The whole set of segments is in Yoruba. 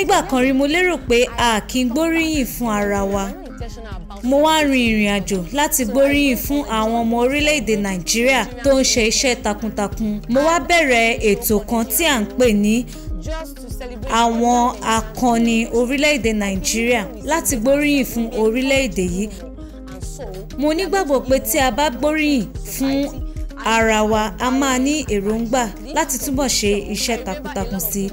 nígbà kan rí mo lérò pé a kì í gbóríyìn fún ara wa mo wá rin ìrìn àjò láti gbóríyìn fún àwọn ọmọ orílẹ̀-èdè nàìjíríà tó ń ṣe iṣẹ́ takuntakun mo wá bẹ̀rẹ̀ ètò kan tí à ń pè ní àwọn akọni orílẹ̀-èdè nàìjíríà láti gbóríyìn fún orílẹ̀-èdè yìí mo nígbàgbọ́ pé tí a bá gbóríyìn fún ara wa a máa ní èròǹgbà láti túbọ̀ ṣe iṣẹ́ takuntakun sí i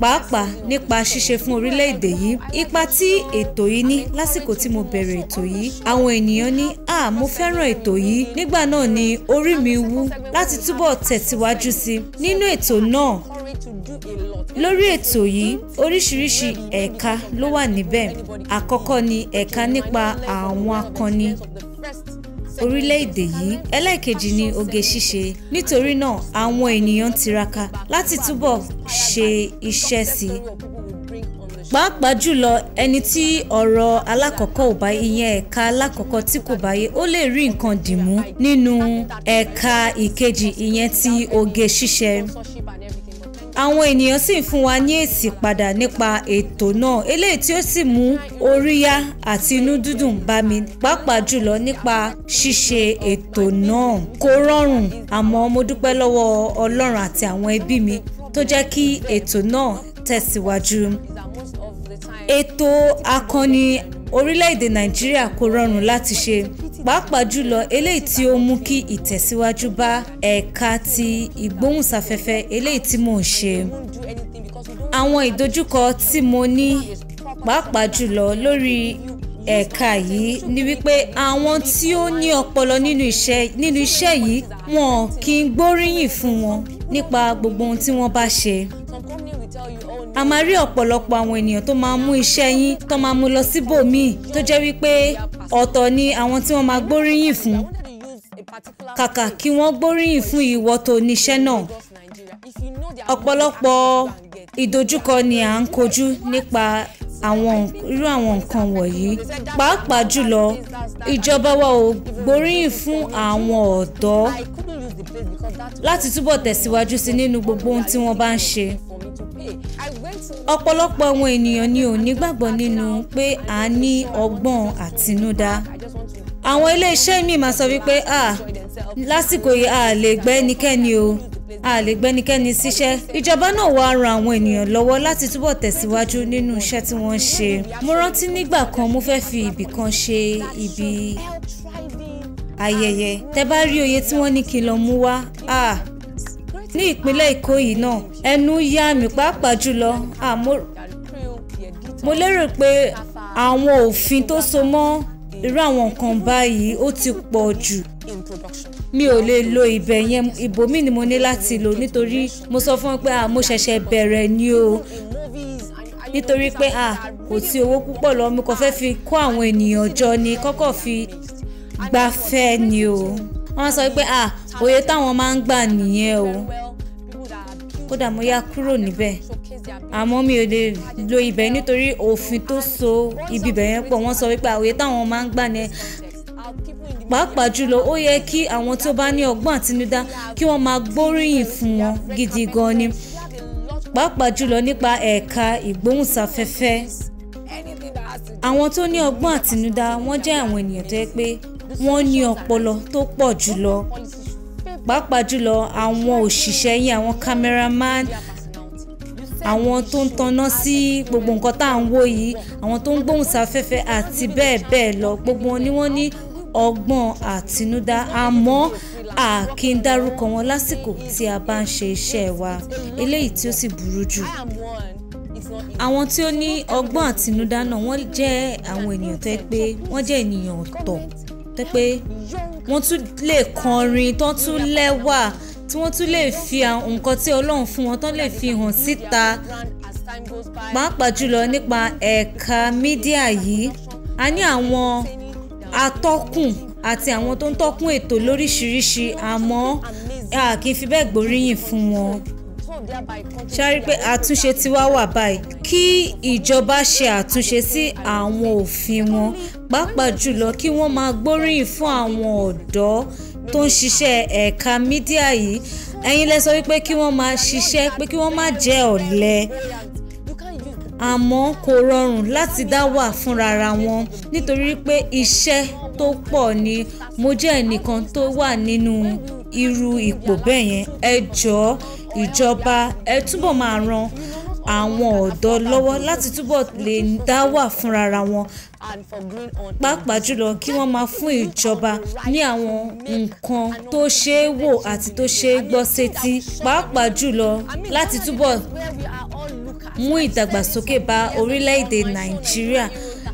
pàápàá nípa ṣíṣe fún orílẹ̀-èdè yìí ipa tí ètò yìí ní lásìkò tí mo bẹ̀rẹ̀ ètò yìí àwọn ènìyàn ní à mo fẹ́ràn ètò yìí nígbà náà ni orí mi wú láti túbọ̀ tẹ̀síwájú sí i nínú ètò náà lórí ètò yìí oríṣiríṣi ẹ̀ka ló wà níbẹ̀ àkọ́kọ́ ni ẹ̀ka nípa àwọn akọni orílẹ̀-èdè yìí ẹlẹ́ẹ̀kejì ni oge ṣíṣe nítorí náà àwọn ènìyàn tiraka láti túbọ̀ ṣe iṣẹ́ sí i pàápàá jùlọ ẹni tí ọ̀rọ̀ alákọ̀ọ́kọ́ ò bá ìyẹn ẹ̀ka alákọ̀ọ́kọ́ tí kò bá yé ó lè rí nǹkan dìmú nínú ẹ̀ka ìkejì ìyẹn ti oge ṣíṣe àwọn ènìyàn sì ń fún wa ní èsì padà nípa ètò náà eléyìí tí ó sì mú oríyá àti inú dídùn bá mi pàápàá jùlọ nípa ṣíṣe ètò náà kò rọrùn àmọ́ mo dúpẹ́ lọ́wọ́ Ọlọ́run àti àwọn ẹbí mi tó jẹ́ kí ètò náà tẹ̀síwájú ètò akọni orílẹ̀-èdè Nàìjíríà kò rọrùn láti ṣe pàápàá jùlọ eléyìí tí ó mú kí ìtẹ̀síwájú bá ẹ̀ka ti ìgbóhùnsáfẹ́fẹ́ eléyìí tí mò ń ṣe àwọn ìdojúkọ tí mo ní pàápàá jùlọ lórí ẹ̀ka yìí ni wípé àwọn tí ó ní ọpọlọ nínú iṣẹ́ nínú iṣẹ́ yìí wọn kì í gbóríyìn fún wọn nípa gbogbo ohun tí wọ́n bá ṣe a máa rí ọ̀pọ̀lọpọ̀ àwọn ènìyàn tó máa mú iṣẹ́ yín tó máa mú lọ síbòmíì tó jẹ́ wípé ọ̀tọ̀ ni àwọn tí wọ́n máa gbóríyìn fún kàkà kí wọ́n gbóríyìn fún ìwọ tó níṣẹ́ náà ọ̀pọ̀lọpọ̀ ìdojúkọ ni à ń kojú nípa àwọn irú àwọn nǹkan wọ̀nyí pàápàá jùlọ ìjọba wa ò gbóríyìn fún àwọn ọ̀dọ́ láti túbọ̀ tẹ̀síwájú sí nínú gbogbo ohun tí wọ́n bá ń ṣe ọ̀pọ̀lọpọ̀ àwọn ènìyàn ni ò nígbàgbọ́ nínú pé a ní ọgbọ́n àtinúdá àwọn iléeṣẹ́ mi máa sọ wípé lásìkò yìí a lè gbẹ́ ẹnikẹ́ni o a lè gbẹ́ ẹnikẹ́ni síṣẹ́ ìjọba náà wàá ran àwọn ènìyàn lọ́wọ́ láti túbọ̀ tẹ̀síwájú nínú iṣẹ́ tí wọ́n ń ṣe mo rántí nígbà kan mo fẹ́ fi ibì kan ṣe ibi ayẹyẹ tẹ bá rí oyè tí wọ́n ní kí n lọ mú wá ní ìpínlẹ̀ Èkó yìí náà ẹnu yá mi pàápàá jùlọ mo lérò pé àwọn òfin tó so mọ́ irú àwọn nǹkan báyìí ó ti pọ̀ jù mi ò lè lo ibẹ̀ yẹn ibòmíì ni mo ní láti lò nítorí mo sọ fún wọn pé mo ṣẹ̀ṣẹ̀ bẹ̀rẹ̀ ni o nítorí pé a kò tí owó púpọ̀ lọ mo fẹ́ fi kó àwọn ènìyàn jọ ni kọ́kọ́ fi gbafẹ́ ni o wọ́n sọ pé ah, òye táwọn máa ń gbà nìyẹn o kódà mo yá kúrò níbẹ̀ àmọ́ mi ò lè lo ibẹ̀ nítorí òfin tó so ibi ibẹ̀ yẹn pọ̀ wọ́n sọ wípé àwòye ah, táwọn máa ń gbà ní pàápàá jùlọ ó yẹ kí àwọn tó bá ní ọgbọ́n àtinúdá kí wọ́n máa gbóríyìn fún wọn gidi gan ni pàápàá jùlọ nípa ẹ̀ka ìgbóhùnsáfẹ́fẹ́ àwọn tó ní ọgbọ́n àtinúdá wọ́n jẹ́ àwọn ènìyàn tó yẹ pé wọ́n ní ọpọlọ tó pọ̀ jùlọ pàápàá jùlọ àwọn òṣìṣẹ́ yìí àwọn cameraman àwọn tó ń tanná sí gbogbo nǹkan tá à ń wò yìí àwọn tó ń gbóhùn sáfẹ́fẹ́ àti bẹ́ẹ̀ bẹ́ẹ̀ lọ gbogbo ni wọ́n ní ọgbọ́n àtinúdá àmọ́ a kì í dárúkọ wọn lásìkò tí a bá ń ṣe iṣẹ́ wa eléyìí tí ó sì burú jù àwọn tí ó ní ọgbọ́n àtinúdá náà wọ́n jẹ́ àwọn ènìyàn tó pé wọ́n jẹ́ ènìyàn ọ̀tọ̀ tẹ́ pé wọ́n tún lè kọrin tán tún lẹ́wà tí wọ́n tún lè fi nǹkan tí Ọlọ́run fún wọn tán lè fi hàn síta pàápàá jùlọ nípa ẹ̀ka mídíà yìí a ní àwọn atọ́kùn àti àwọn tó ń tọ́kùn ètò lóríṣiríṣi àmọ́ a kì í fi bẹ́ẹ̀ gbóríyìn fún wọn ṣárí pé àtúnṣe ti wá wà báyìí kí ìjọba ṣe àtúnṣe sí àwọn òfin wọn pàápàá jùlọ kí wọ́n máa gbóríyìn fún àwọn ọ̀dọ́ tó ń ṣiṣẹ́ ẹ̀ka mídíà yìí ẹ̀yin lẹ sọ wípé kí wọ́n máa ṣiṣẹ́ pé kí wọ́n má jẹ́ ọ̀lẹ àmọ́ kò rọrùn láti dá wà fúnrara wọn nítorí pé iṣẹ́ tó pọ̀ ni mo jẹ́ ẹnìkan tó wà nínú irú ipò bẹ́ẹ̀ yẹn ẹ jọ̀ọ́ ìjọba ẹ túbọ̀ máa ran àwọn ọ̀dọ́ lọ́wọ́ láti túbọ̀ lè dá wà fúnra wọn pàápàá jùlọ kí wọ́n máa fún ìjọba ní àwọn nǹkan tó ṣeé wò àti tó ṣeé gbọ́ sétí pàápàá jùlọ láti túbọ̀ mú ìdàgbàsókè bá orílẹ̀-èdè Nàìjíríà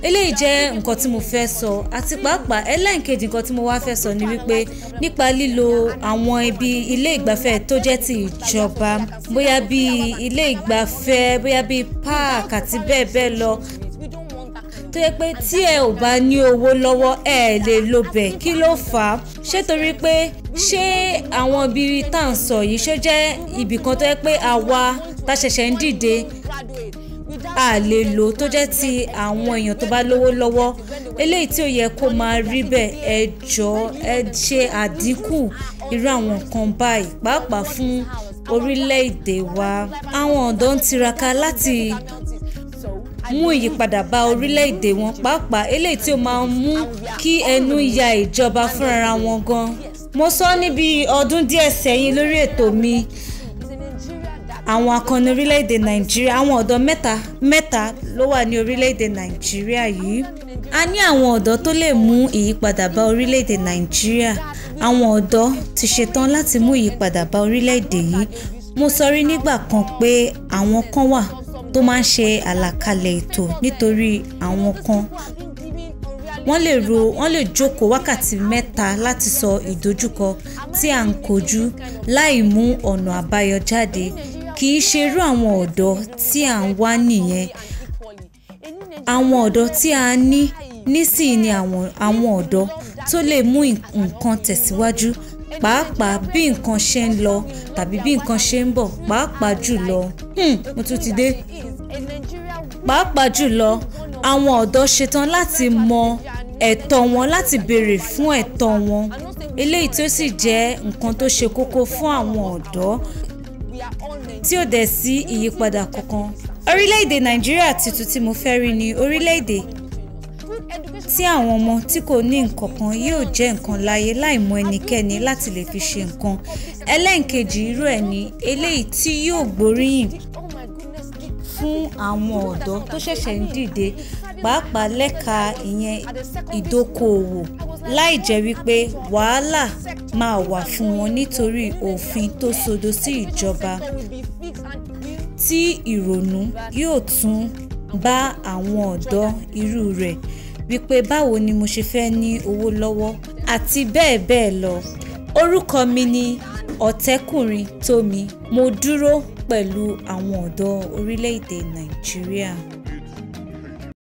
eléyìí jẹ́ nǹkan tí mo fẹ́ sọ àti pàápàá ẹlẹ́ǹkejì nǹkan tí mo wá fẹ́ sọ ni wípé nípa lílo àwọn ibi ilé ìgbafẹ́ tó jẹ́ ti ìjọba bóyá bíi ilé ìgbafẹ́ bóyá bíi park àti bẹ́ẹ̀ bẹ́ẹ̀ lọ tó yẹ pé tí ẹ ò bá ní owó lọ́wọ́ ẹ lè lo bẹ̀ kí ló fà á ṣé torí pé ṣé àwọn ibi tá à ń sọ yìí ṣó jẹ́ ibìkan tó yẹ pé àwa tá ṣẹ̀ṣẹ̀ ń dìde a lè lò tó jẹ́ ti àwọn èèyàn tó bá lówó lọ́wọ́ eléyìí tí ó yẹ kó máa rí bẹ́ẹ̀ ẹ jọ̀ọ́ ẹ ṣe àdínkù irú àwọn nǹkan báyìí pàápàá fún orílẹ̀-èdè wa àwọn ọ̀dọ́ ń tiraka láti mú ìyípadà bá orílẹ̀-èdè wọn pàápàá eléyìí tí ó máa ń mú kí ẹnu ya ìjọba fúnra wọn gan. mo sọ níbi ọdún díẹ̀ sẹ́yìn lórí ètò mi àwọn akọni orílẹ̀-èdè nàìjíríà àwọn ọ̀dọ́ mẹ́ta mẹ́ta ló wà ní orílẹ̀-èdè nàìjíríà yìí a ní àwọn ọ̀dọ́ tó lè mú ìyípadà bá orílẹ̀-èdè nàìjíríà àwọn ọ̀dọ́ ti ṣetán láti mú ìyípadà bá orílẹ̀-èdè yìí mo sọ rí nígbà kan pé àwọn kan wà tó máa ń ṣe àlàkalẹ̀ ètò nítorí àwọn kan wọ́n lè ro wọ́n lè jókòó wákàtí mẹ́ta láti sọ ìdojúkọ tí à ń kojú láì mú ọ̀nà àbáyọ jáde kì í ṣerú àwọn ọ̀dọ́ tí à ń wá nìyẹn àwọn ọ̀dọ́ tí a ní nísìnyí ni àwọn ọ̀dọ́ tó lè mú nǹkan tẹ̀síwájú pàápàá bí nǹkan ṣe ń lọ tàbí bí nǹkan ṣe ń bọ̀ pàápàá jùlọ hmm, mo tún ti dé pàápàá jùlọ àwọn ọ̀dọ́ ṣetán láti mọ ẹ̀tọ́ wọn láti béèrè fún ẹ̀tọ́ wọn eléyìí tó sì jẹ́ nǹkan tó ṣe kókó fún àwọn ọ̀dọ́ tí ò dẹ̀ sí ìyípadà kankan. orílẹ̀-èdè nàìjíríà tuntun tí mo fẹ́ rí ni orílẹ̀-èdè tí àwọn ọmọ tí kò ní nǹkan kan yóò jẹ́ nǹkan láyé láì mọ ẹnikẹ́ni láti lè fi ṣe nǹkan ẹlẹ́ǹkejì irú ẹ̀ ni eléyìí tí yóò gbóríyìn fún àwọn ọ̀dọ́ tó ṣẹ̀ṣẹ̀ ń dìde pàápàá lẹ́ka ìyẹn ìdókòòwò láì jẹ́ wípé wàhálà máa wà fún wọn nítorí òfin tó sodo sí ìjọba tí ìrònú yóò tún bá àwọn ọ̀dọ́ irú rẹ̀ wípé báwo ni mo ṣe fẹ́ ní owó lọ́wọ́ àti bẹ́ẹ̀ bẹ́ẹ̀ lọ orúkọ mi ni ọ̀tẹ́kùnrin tómi mo dúró pẹ̀lú àwọn ọ̀dọ́ orílẹ̀-èdè nàìjíríà.